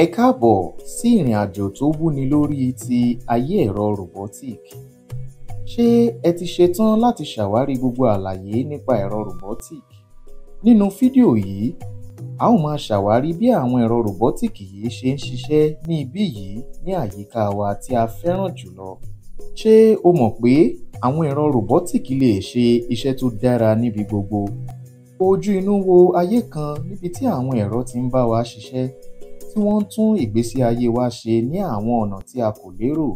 Ẹ káàbọ̀ sí ìrìn àjò tó wúni lórí ti ayé ẹ̀rọ ròbọ́tíìkì. Ṣé ẹ ti ṣetán láti ṣàwárí gbogbo àlàyé nípa ẹ̀rọ ròbọ́tíìkì? Nínú fídíò yìí, a ó máa ṣàwárí bí àwọn ẹ̀rọ ròbọ́tíìkì yìí ṣe ń ṣiṣẹ́ ní ibí yìí ní àyíká wa tí a fẹ́ràn jùlọ. Ṣé o mọ̀ pé àwọn ẹ̀rọ ròbọ́tíìkì lè ṣe iṣẹ́ tó dára níbi gbogbo? Ojú inú wo ayé kan níbi tí àwọn ẹ̀rọ ti ń bá wa ṣiṣẹ́ tí wọ́n ń tún ìgbésí ayé wa ṣe ní àwọn ọ̀nà tí a kò lérò.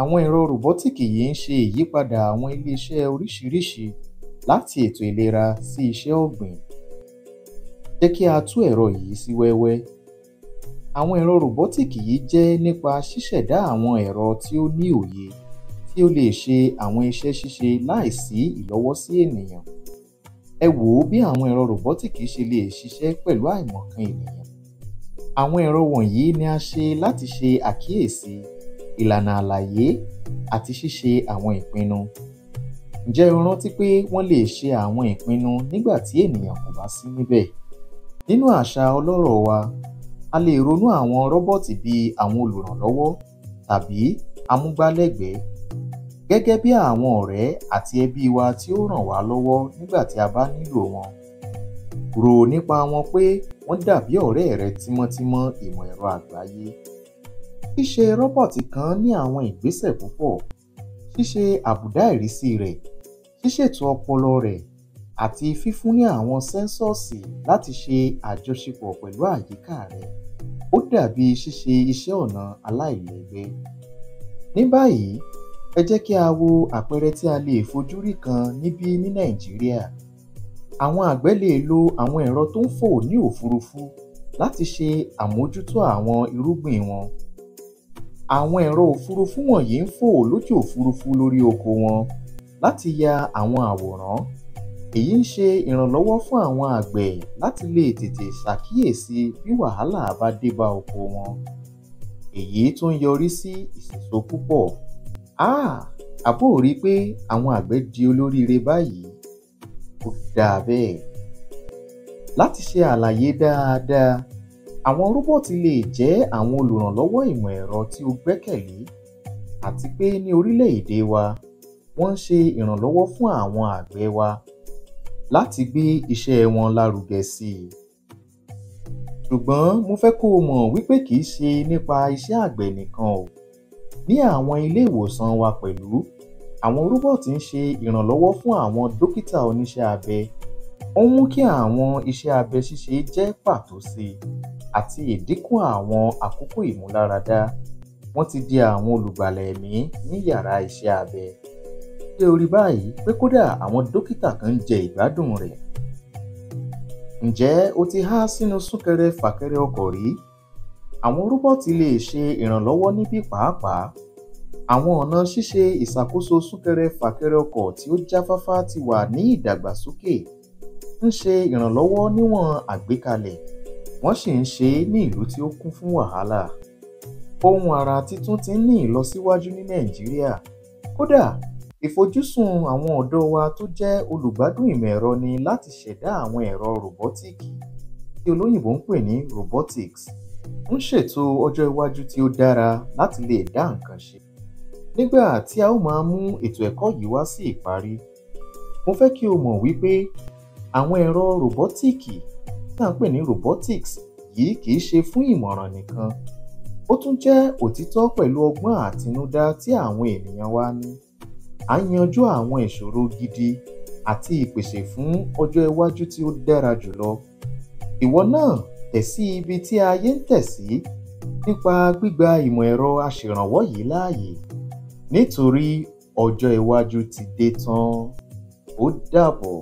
Àwọn ẹ̀rọ ròbọ́tìkì yìí ń ṣe ìyípadà àwọn iléeṣẹ́ oríṣiríṣi láti ètò ìlera sí iṣẹ́ ọ̀gbìn. Jẹ́ kí a tú ẹ̀rọ yìí sí wẹ́wẹ́. Àwọn ẹ̀rọ ròbọ́tìkì yìí jẹ́ nípa ṣíṣẹ̀dá àwọn ẹ̀rọ tí ó ní òye tí ó lè ṣe àwọn iṣẹ́ ṣíṣe láìsí ìlọ́wọ́sí ènìyàn. Ẹ wò ó bí àwọn ẹ̀rọ ròbọ́tìkì ṣe lè ṣiṣẹ́ pẹ̀lú àìmọ̀kan ènìyàn àwọn ẹ̀rọ wọ̀nyí ni a ṣe láti ṣe àkíyèsí ìlànà àlàyé àti ṣíṣe àwọn ìpinnu ǹjẹ́ o rántí pé wọ́n lè ṣe àwọn ìpinnu nígbà tí ènìyàn kò bá sí níbẹ̀ nínú àṣà ọlọ́rọ̀ wa a lè ronú àwọn rọ́bọ́ọ̀tì bíi àwọn olùrànlọ́wọ́ tàbí amúgbálẹ́gbẹ̀ẹ́ gẹ́gẹ́ bí àwọn ọ̀rẹ́ àti ẹbí wa tí ó ràn wá lọ́wọ́ nígbà tí a bá nílò wọn rò nípa wọn pé wọ́n dàbí ọ̀rẹ́ rẹ tímọ́tímọ́ ìmọ̀ ẹ̀rọ àgbáyé. ṣíṣe rọ́bọ̀tì kan ní àwọn ìgbésẹ̀ púpọ̀ ṣíṣe àbùdá ìrísí rẹ̀ ṣíṣètò ọpọlọ rẹ̀ àti fífún ní àwọn sẹ́ńsọ̀sì láti ṣe àjọṣepọ̀ pẹ̀lú àyíká rẹ̀ ó dàbí ṣíṣe iṣẹ́ ọnà aláìlẹ́gbẹ́. ní báyìí ẹ jẹ́ kí a wo àpẹẹrẹ tí a lè fojú rí kan níbí ní nàìjíríà àwọn àgbẹ̀ lè lo àwọn ẹ̀rọ tó ń fò ní òfurufú láti ṣe àmójútó àwọn irúgbìn wọn. Àwọn ẹ̀rọ òfurufú wọ̀nyí ń fò lójú òfurufú lórí oko wọn láti ya àwọn àwòrán. Èyí ń ṣe ìrànlọ́wọ́ fún àwọn àgbẹ̀ láti lè tètè ṣàkíyèsí bí wàhálà bá dé bá oko wọn. Èyí tún yọrí sí ìsìsó púpọ̀. Háà! Àbó ò rí pé àwọn àgbẹ̀ di olóríire báyìí? ó dáa bẹ́ẹ̀. láti ṣe àlàyé dáadáa àwọn róbọ́ọ̀tì lè jẹ́ àwọn olùrànlọ́wọ́ ìmọ̀ ẹ̀rọ tí o gbẹ́kẹ̀lé àti pé ní orílẹ̀-èdè wa wọ́n ń ṣe ìrànlọ́wọ́ fún àwọn àgbẹ̀ wa láti gbé iṣẹ́ wọn lárugẹ sí i. ṣùgbọ́n mo fẹ́ kó o mọ̀ wípé kì í ṣe nípa iṣẹ́ àgbẹ̀ nìkan o ní àwọn ilé ìwòsàn wa pẹ̀lú àwọn robot ń ṣe ìrànlọ́wọ́ fún àwọn dókítà oníṣẹ́ abẹ ó ń mú kí àwọn iṣẹ́ abẹ ṣíṣe jẹ́ pàtó sí i àti ìdínkù àwọn àkókò ìmúláradá wọ́n ti di àwọn olùgbàlà ẹ̀mí ní yàrá iṣẹ́ abẹ dé orí báyìí pé kódà àwọn dókítà kan ń jẹ ìgbádùn rẹ̀ ǹjẹ́ o ti há sínú súnkẹrẹ fàkẹrẹ ọkọ̀ rí àwọn róbọ́ọ̀tì lè ṣe ìrànlọ́wọ́ níbí pàápàá Àwọn ọ̀nà ṣíṣe ìṣàkóso súnkẹrẹ-fàkẹrẹ ọkọ̀ tí ó jáfáfá ti wà ní ìdàgbàsókè, ń ṣe ìrànlọ́wọ́ níwọ̀n àgbékalẹ̀, wọ́n sì ń ṣe é ní ìlú tí ó kún fún wàhálà. Ohun àrà tuntun ti ń ní ìlọsíwájú ní Nàìjíríà, kódà ìfojúsùn àwọn ọ̀dọ́ wa tó jẹ́ olùgbádùn ìmọ̀-ẹ̀rọ ni láti ṣẹ̀dá àwọn ẹ̀rọ ròbọ́tíìkì tí olóyìnbó ń pè ní robotics, ń ṣètò ọjọ́ iwájú tí ó dára láti lè dá nǹkan ṣe. Nígbà tí a ó máa mú ètò ẹ̀kọ́ yìí wá sí ìparí, mo fẹ́ kí o mọ̀ wípé àwọn ẹ̀rọ ròbọ́tìkì tí à ń pè ní robotics yìí kìí ṣe fún ìmọ̀ràn nìkan, ó tún jẹ́ òtítọ́ pẹ̀lú ọgbọ́n àtinúdá tí àwọn ènìyàn wa ní. À ń yanjú àwọn ìṣòro gidi àti ìpèsè fún ọjọ́ iwájú tí ó dára jùlọ. Ìwọ náà tẹ̀ sí ibi tí ayé ń tẹ̀ sí nípa gbígba ìmọ̀ ẹ̀rọ aṣèrànwọ́ yìí láàyè nítorí ọjọ́ iwájú ti dé tán ó dàbọ̀.